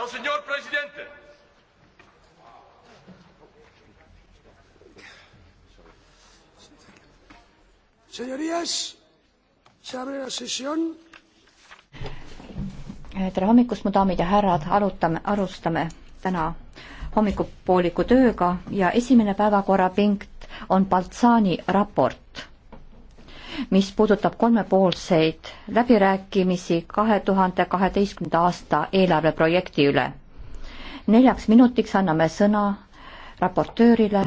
El señor presidente. Señorías, se abre la sesión. Eh, tere hommikust, mu daamid ja härrad, arutame, alustame täna hommikupooliku tööga ja esimene päevakorrapunkt on Baltsaani raport mis puudutab kolmepoolseid läbirääkimisi kahe tuhande kaheteistkümnenda aasta eelarveprojekti üle. neljaks minutiks anname sõna raportöörile